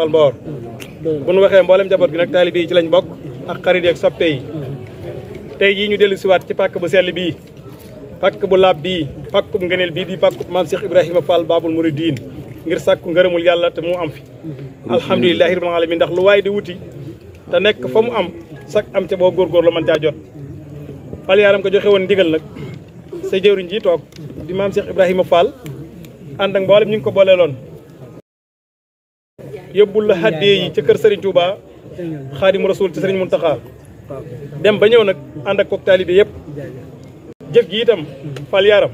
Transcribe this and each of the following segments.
Fall bu nu waxee mboolem njaboot gi nag taalibe ci lañ bokk ak xarit yi ak soppe yi tey jii ñu dellu siwaat ci pàkk bu sell bii pàkk bu laab bii pàkkub ngëneel bii di pàkkub maam Cheikh Ibrahima Fall Baabul Muridiin ngir sàkku ngërëmul yàlla te mu am fi rabbil alamin ndax lu di wuti te am sak am ca boo góorgóor la mën caa jot Fall yaaram ko joxe woon ndigal nag sa jëwriñ ji toog di maam Cheikh Fall ak yóbbul la haddee yi ca kër Serigne Touba xaadimu rasul ci Serigne Mountakha dem ba ñëw nag ànd ak kook taalibe yëpp jëf gi itam fal yaaram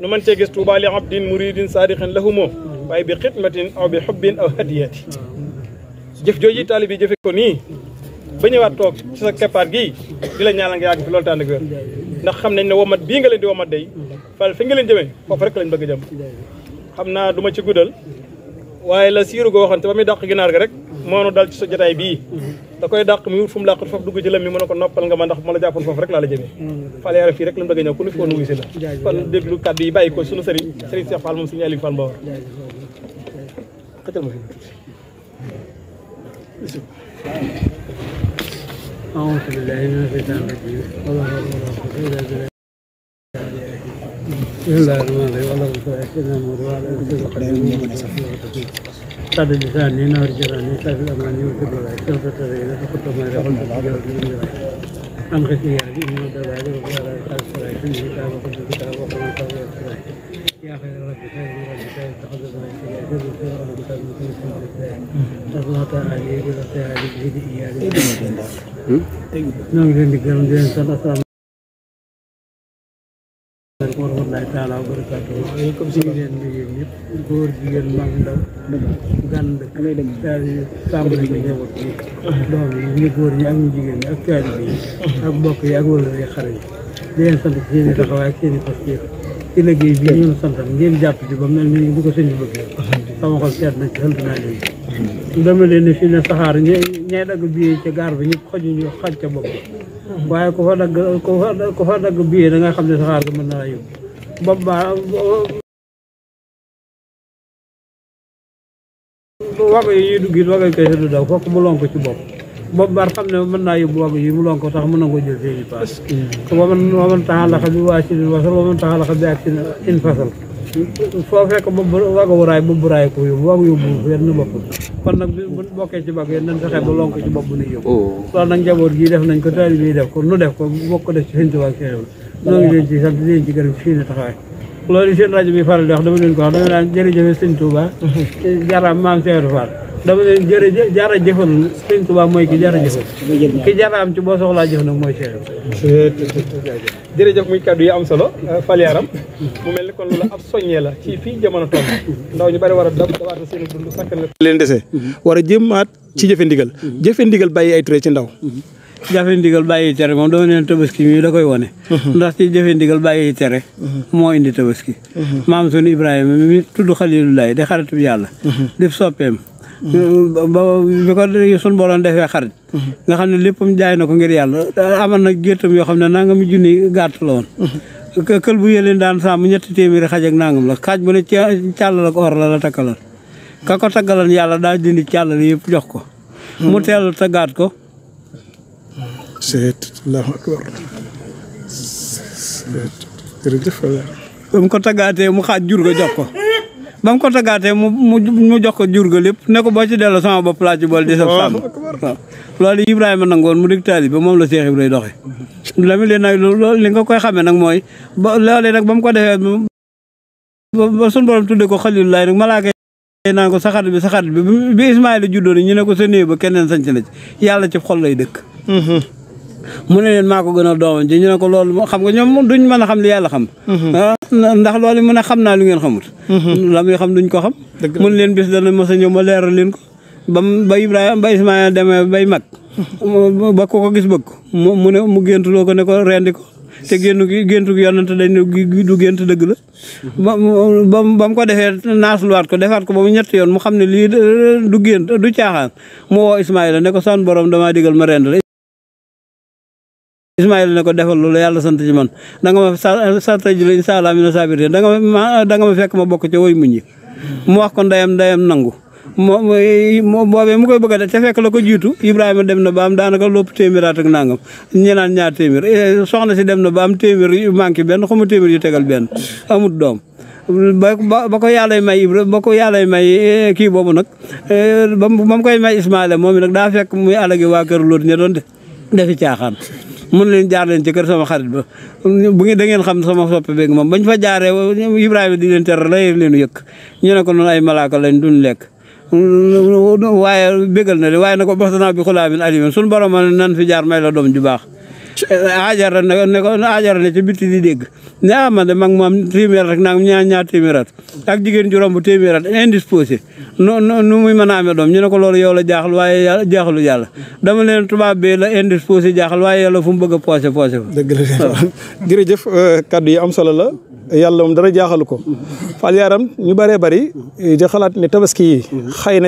nu mën cee gis Touba li abdin muridin saadiqin lahumoo waaye bi xidmatin aw bi xubbin aw hadiyati jëf jooju taalibe jëfe ko nii ba ñëwaat toog ci sa keppaar gii di la ñaanal nga yàgg fi loolu tànn ak wér ndax xam nañ ne womat bii nga leen di womat day fal fi nga leen jëmee foofu rek lañ bëgg a jëm xam naa du ma ci guddal waye la siru go xam bamuy dakk ginar ga rek moonu dal ci so jotaay bi da koy dakk mi wut fum laq fof foofu dugg ci lem mi mën ko noppal nga ma ndax mala jappal fof rek la la jëmee faleera fii rek la mu bëgg a ñëw ku nu fi woon wuyu si la kon déglu kaddu yi bayiko suñu sunu sëriñ sëriñ Cheikh Fall mom sëriñ ali Fall Mbawar xëccal ma fi أعوذ بالله من الشيطان الرجيم قد لساني نار جراني سيف الأماني وسر الوعي سوف تبين فقط ما يقول أم خسي يهدي من الدواعي وقال أساس سرعي سنه كتاب وقد كتاب وقد كتاب وقد يا خير رب خير رب خير تحضر ما يسرع سر سر رب خير مثل سر الساعي أصلاة أهلي قلت أهلي بهدي إيالي نعم جندك جندك صلى الله salaamaaleykum wa rahmatulaahi taala wa barakaatu comme si ngeen liggéey ñëpp góor jigéen mag ndaw bi doom yi ñu góor ñi ak ñu jigéen ñi ak taalibe yi yi ak wëlër yi xare i taxawaay ak seen i jàpp ci ba mel ni bu ko sëñ bi bëggee sama xol seet na ci sant naa leen dama leen ne fii ne saxaar ñay dagg biyee ca gaar bi ñëpp xaju ñu xaj ca bopp waaye ko fa dagg ku fa dagg billet da nga xam ne saxaar ga mën na la yóbbu ba ba wago yi ñuy dugg it wago yi koy seetlu daw fokk mu lonk ci bopp bopp bar xam ne mën naa yóbbu wago yi mu lonk tax mën na ko jël seeni paas waman waman taxalaxa bi waa si din wasal waman taxalaxa bi ak sin in fasal foo fekk bu wago waraay bu buraay ko yóbbu wago yóbbu yenn bopp kon nag bu bokkee ci bag yéen nañ fexe ba lonk ci bopp bu nuy yóbbu oh. loolu nag njaboot gii def nañ ko taalibe yi def ko nu def ko bokk ko def ci seen tubaab seen ñoo ngi leen ci sant di leen ci gërëm fii ne taxawaay loolu seen rajo bi faral di wax dama leen ko wax dama naan jërëjëf sëñ Touba jaaraam maam Seeru Fall dama leen jërëjëf jara jëfal sëñ Tuubaa mooy ki jara jëfal ki am ci boo soxlaa jëf nag mooy Cheikh yi am solo Faliaram mu mel ni kon loolu ab soññee la ci jamono toll ñu bari war a dab dawaata leen dese war a jëmaat ci jëfe ndigal jëfe ndigal bàyyi tere ci ndaw jëfe ndigal bàyyi tere moom da koy wone ndax ci jëfe ndigal bàyyi moo indi tabaski maam sunu ibrahim mi tudd Xalilullaay di xaritub yàlla def soppeem bi ko suñu borom defee xarit nga xam ne léppam jaay na ko ngir yàlla amal na géttam yoo xam ne nanga mu junni gàtt la woon kël bu yëleen daan sàmm ñetti téeméeri xaj ak nangam la xaj bu ne càllal ak or la la ka ko taggalan yàlla daa dindi càllal yëpp jox ko mu teel taggaat ko allahu mu ko taggaatee mu xaaj jur ga jox ko ba mu ko taggaatee mu mu jox ko jur ga lépp ne ko boo ci delloo sama bopp laa ci bool di saf sàmm loolu Ibrahima nangoon mu dig taalibe moom la Seex Ibrahima doxee lami leen nag loolu li nga koy xamee nag mooy ba loolee nag ba mu ko defee ba suñu borom tuddee ko xalilullaay nag malaaka naan ko saxaat bi saxaat bi bi Ismaayla juddoo ni ñu ne ko sa néew ba keneen sañc na ci yàlla ci xol lay dëkk mm-hmm. mu ne leen maa ko a doomam ji ñu ne ko loolu xam nga ñoom duñ mën a xam li yàlla xam mhm. ah, ndax loolu mu ne xam naa lu ngeen xamut mhm. la muy xam duñ ko xam mun leen bis dana mos a ñëw ma leeral leen ko ba ba Ibrahima ba Ismaïla demee bay mag mhm. ba ko ko gis bëgg mu ne mu géntuloo ko ne ko rendi ko te géntu gi géntu gi yonante dañ du gént dëgg la ba ba mu ko defee naasluwaat ko defaat ko ba mu ñetti yoon mu xam ne lii du gént du caaxaan mu woo Ismaïla ne ko son borom damaa digal ma rend la Ismaayil na ko defal loolu yàlla sant ci man da nga ma sarta ji la incha allah mina saabiriin da nga ma da nga fekk ma bokk ca woy muñ yi mu wax ko ndeyam ndeyam nangu moo boobee mu koy bëgga a def te fekk la ko jiitu Ibrahima dem na baam am daanaka lopp téeméeraat ak nangam ñu naan ñaar téeméer eh, soxna si dem na baam am téeméer yu manqué benn xamu téeméer yu tegal benn amut doom ba ba ko yàllay may Ibra yàllay may eh, kii boobu nag eh, ba mu koy may Ismaayla moom it daa fekk muy alagi waa kër Lóot ña doon defi caaxaan mun leen jaar leen ci kër sama xarit ba bu ngeen da ngeen xam sama soppe beeg moom bañ fa jaaree Ibrahima di leen ter lay leenu yëkk ñu ne ko noonu ay malaaka lañ duñ lekk waaye bégal na de waaye na ko baxtanaa bi xulaa bin alimin suñu borom nan fi jaar may la doom ju baax ajar ne ne ko ajara ne ci bitti di dégg ne ah man de mag moom téeméer rek nangam ñaar ñaar téeméerat ak jigéen ju romb téeméerat indisposé no no nu muy mën a amee doom ñu ne ko loolu yow la jaaxal waaye yàlla jaaxalu yàlla dama leen tubaab bi la indisposé jaaxal waaye yàlla fu mu bëgg a poosé poosé ko dëgg la jërëjëf euh, kaddu yi am solo la yàlla moom dara jaaxalu ko fal yaaram ñu bëree bëri euh, di xalaat ne tabaski yi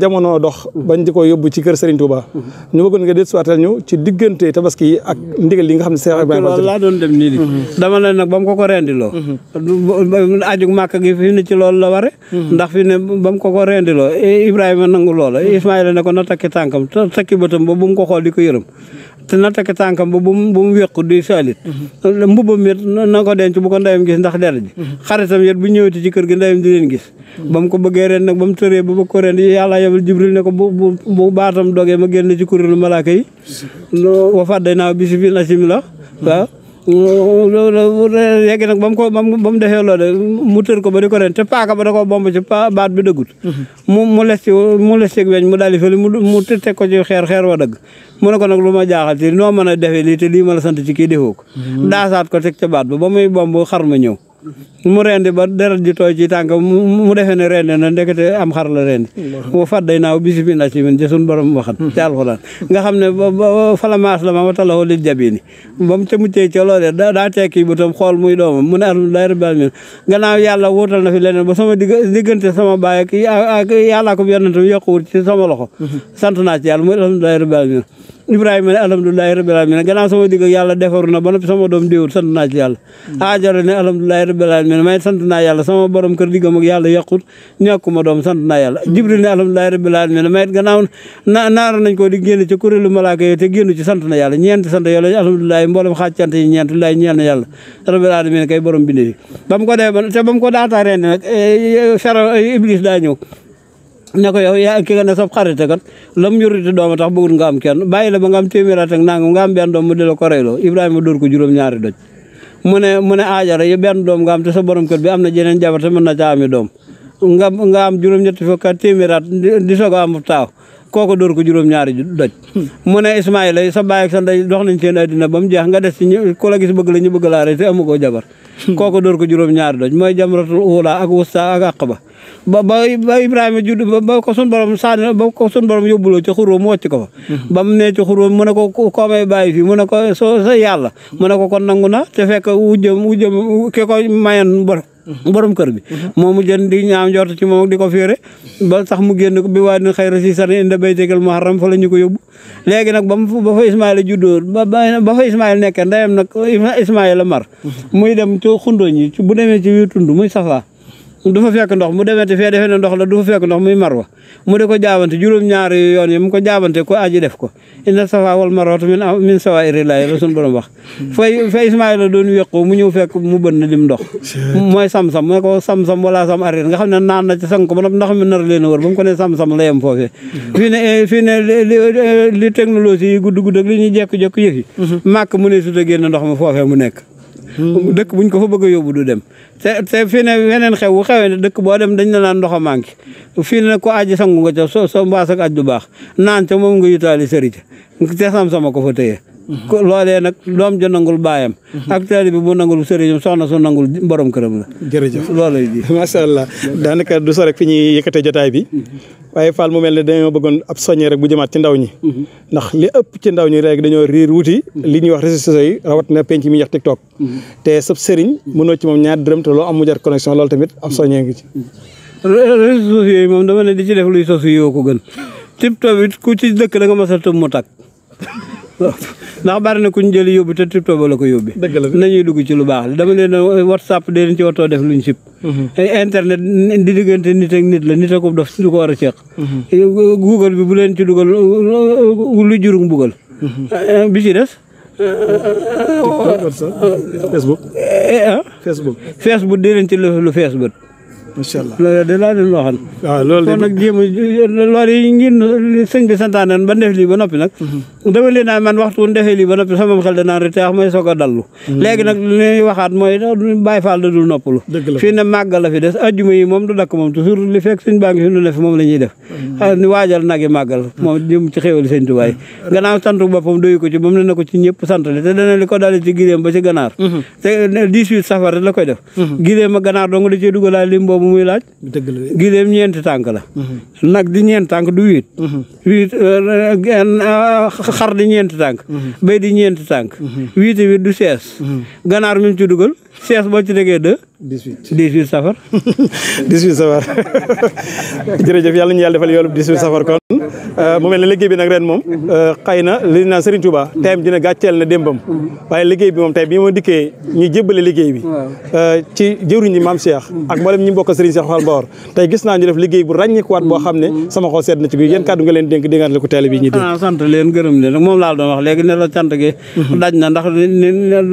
jamono dox bañ di ko ci kër Serigne Touba ñu bëggoon nga déet suwaatal ñu ci diggante tabaski ak ndigal li nga xam ne Seex Ibrahima loolu laa doon dem nii di mhm. dama ne nag ba mu ko ko rendiloo mhm. aju màkk gi fi ne ci lool la ware mhm. ndax fi ne ba mu ko ko rendiloo Ibrahima nangu loola Ismaïla ne ko na takki tànkam takki bëtam ba bu mu ko xool di ko yërëm te na tekk tànkam ba bu mu bu mu wéqu di saalit mhm. mbubam it na ko denc bu ko ndeyam gis ndax der ji mhm. xaritam it bu ñëwati ci kër gi ndeyam di gis mhm. ba mu ko bëggee ren nag ba mu tëree ba bëgg ko ren yàlla yebal jibril ne ko bu baatam dogee ma génn ci kuréelu malaaka yi wa naa bi si fi waaw léegi nag ba mu ko ba mu defee loolu mu tër ko ba di ko ren te paaka ba da koo bomb ci baat bi dëggut mu mu les ci mu les mu daal teg ko ci xeer xeer wa dëgg mu ne ko nag lu ma jaaxal ci noo mën a defee lii te lii ma la sant ci kii defoo ko mm-hmm. daasaat ko teg ca baat ba ba muy bomb xar ma ñëw mu rendi ba deret ji tooy ci tànk mu defee ne rendi na ndekete am xar la rendi wa fàdday naaw bisi bi na ci min ci sun borom waxat ci alxuraan nga xam ne fala maas la ma wa talaxoo lil jabini ba mu ca muccee ca loolee daa tekki bu tam xool muy doomam mu ne atum day rabal min gannaaw yàlla wuutal na fi leneen ba sama diggante sama baay ak yàllaa ko yonentam yokkuwut ci sama loxo mm-hmm. sant naa ci yàlla muy day rabal min Ibrahima ne alhamdulilahi rabbil alamin gannaaw sama digg ak yàlla defaru na ba noppi sama doom déewul sant naa ci yàlla aajara ne alhamdulilahi rabbil may sant yàlla sama borom kër diggam ak yàlla may gannaaw na nañ ko di génn ci kuréelu malaaka yooyu te génn ci sant yàlla ñeent sant yàlla alhamdulilahi mboolem xaajcant yi ñeent laay ñeel na yàlla rabbil kay borom bindee ba ko dee ba te ba eh, eh, eh, iblis daa ñëw nako yow yaa ki nga ne sa xarité e kat lam yurite dooma tax bëggul nga am kenn bàyyi la ba nga am téeméer at ak nangam nga am ben doom mu di ko reylo Ibrahima dóor ko juróom-ñaari doj mu ne mu ne aajara ben doom nga am te sa borom kër bi amna na jeneen jabar te mën na caa ami doom nga nga am juróom ñett fo ka at di soog am taw koko dóor ko juróom-ñaari doj mu ne Ismaïla sa baay ak sa ndey dox nañ seen adina bam jeex nga dess ci ko la gis bëgg la ñu bëgg la amu ko jabar koko dóor ko juróom-ñaari doj moy jamratul uula ak wusta ak aqba ba ba Ibrahima judd ba ko sun borom sànni ba ko sun borom yóbbuloo ci xuróom mu ko ba mu mhm. nee ci xuróom mu ne ko koomee bàyyi fii mu ne ko soo yàlla mu ne ko kon nangu na te fekk wujjëm wujjëm ki ko mayan borom mhm. borom kër bi mhm. moom mu jën di ñaam jort ci moom di ko féere ba sax mu génn ko bi waa din xëy na si sani inda baytegal muharram fa la ñu ko yóbbu léegi nag ba mu ba fa Ismaïla juddoo ba ba fa Ismaïla nekkee ndeyam nag Ismaïla mar muy dem ci xundooñ yi bu demee ci biir tund muy safaa du fa fekk ndox mu demete fee defee ne ndox la du fa fekk ndox muy marwa mu di ko jaabante juróom-ñaari yoon yi mu ko jaabante ko aji def ko inna safa wal marwata min min sawaa'iri laahi la mu ñëw fekk mu bënn lim ndox mooy sam-sam mu ne ko sam-sam wala sam arir nga xam ne naan na ci sang ko ba ndox mi nar leen a wër ba mu ko ne sam-sam la yem foofee fii ne fii ne li technologie yi gudd ak li ñuy jekku-jekku yëf yi mhm. mu ne su ta génn ndox ma foofee mu nekk Hmm. dëkk buñ ko fa bëgg a yóbbu du dem te te weneen xew bu xewee ne dëkk boo dem dañ la naan ndox a manqué fii ko aji sangu nga ca so so mbaas ak aj du baax naan ca moom nga yutaali sëri ca te sam sama ko fa tëye ko lolé nak doom ju nangul bayam ak taalibe bu nangul serigne soxna so nangul borom kërëm la jërëjëf loolay ji macha allah daanaka du so rek fiñi ñuy jotaay bi waye Fall mu melni dañu bëggon ab soñé rek bu jëmat ci ndaw ñi ndax li ëpp ci ndaw ñi rek dañu riir wuti li ñuy wax résistance yi rawat na penc mi ñax TikTok té sab serigne mëno ci mom ñaar dërëm té lo am mu jar connexion lolé tamit ab soñé ngi ci résistance yi mom dama né di ci def luy sosu yoo ko gën TikTok bi ku ci dëkk da nga mësa a mu tak ndax bari na ku ñu jëli yóbbu te tripto ba la ko yóbbi nañuy dugg ci lu baax la dama leen whatsapp dee leen ci def luñ sib mhm. eh, internet di diggante nit ak la nit ak dof du ko war a ceeq mhm. eh, google bi bu leen ci dugal lu jurug mbugal mhm. eh, bi ci des ah? Facebook. Facebook. Facebook di a lu Facebook. macha allah loolu de laa leen a waaw ah, loolu de kon nag jéem a loolu yi ngeen sëñ bi santaane ba def lii ba noppi nag. dama leen naan man waxtu bu defee lii ba noppi sama xel danaan rek te wax may soog a dallu. Mm. léegi nag li ñuy waxaat mooy bàyyi faal da dul noppalu. fii ne màgg fi des ajjuma yi moom du dakk moom toujours li fekk suñ baa fi nu ne fi moom la ñuy def. Mm. Ah, ni waajal nag yi màggal. moom jëm ci mm. ci moom ne na ganaar. Mm-hmm. te dix-huit safar la koy def. Mm-hmm. gileem ganaar dong da cee dugalaat lim boobu muy laaj. gileem ñeenti tànk la. Mm-hmm. nag di ñeenti tànk du huit. Euh, euh, euh, xar di ñeenti tànk béy di ñeenti tànk mm-hmm. wiite wi du sees mm-hmm. ganaar mi mu ci dugal sees boo ci tegee deux 18 18 safar 18 safar jërëjëf yàlla ñu yàlla defal yoolub 18 safar kon euh, mu mel ne bi nag ren mom mm-hmm. euh, xëy na li naa Serigne Touba tayam mm-hmm. dina gàcceel na démbam mm-hmm. waaye liggéey bi mom tay bi ma dikkee ñu jébbale liggéey bi euh, ci jëwriñ ñi maam Cheikh ak mboolem ñi mbokk Serigne Cheikh Fall Mbaor tey gis naa ñu def liggéey bu ràññikuwaat boo xam ne sama xol sedd na ci biir yéen kàddu nga leen dénk dénkaat la ko teel bi ñu dégg ah sant leen gërëm leen moom laa doon wax léegi ne la cant gi daj na ndax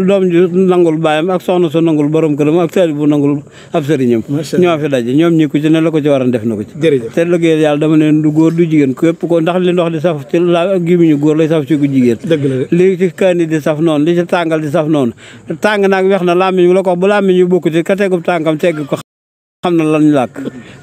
doom ji nangul baayam ak soxna su nangul borom këram ak bu nangul ab sëriñam ñoo fi daje ñoom ñi ku ci ne la ko ci waroon def na ko ci te liggéeyal yàlla dama ne du du jigéen ko ndax li ndox di saf ci góor lay saf ci ku jigéen li ci kaani di saf noonu li ci tàngal di saf noonu tàng naag wex na làmmiñ bu la ko bu làmmiñ yu bokk ci ka tegub xam na lan ñu làkk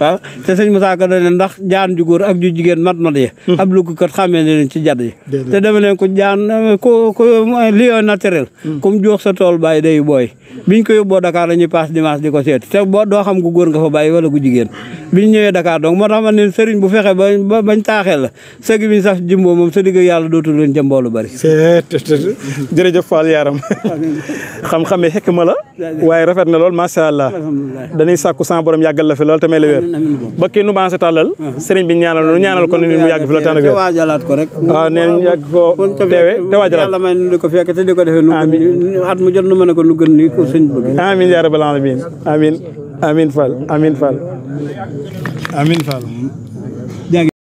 waaw ah, te sëñ Moussa Ka doon ndax jaan ju góor ak ju jigéen mat-mat yi hmm. ab lukkat xàmmee ne leen ci jadd yi te deme leen ko jaan ku ku lion naturel comme joox sa tool bàyyi day booy biñ ko yóbboo Dakar a ñuy paas dimanche di ko seet te boo doo xam gu góor nga fa bàyyi wala gu jigéen biñ ñëwee dakaar donc moo tax ma ne sëriñ bu fexe ba bañ taaxee la sëgg bi ñu saf jëmboo moom sa digg yàlla dootul leen jëmboo lu bari jërëjëf Fall Yaram xam-xamee xekk ma la waaye rafet na lool macha allah dañuy sàkku sans borom yàggal la fi lool tamay la wér ba kii nu mancé tàllal sëriñ bi ñaanal nu ñaanal ko ni mu yàgg fi lool tànn waajalaat ko rek waaw ah, neen yàgg ko te waajalaat may nu di ko fekk te di ko defee nu at mu jot nu mën a ko nu gën ni amiin Fall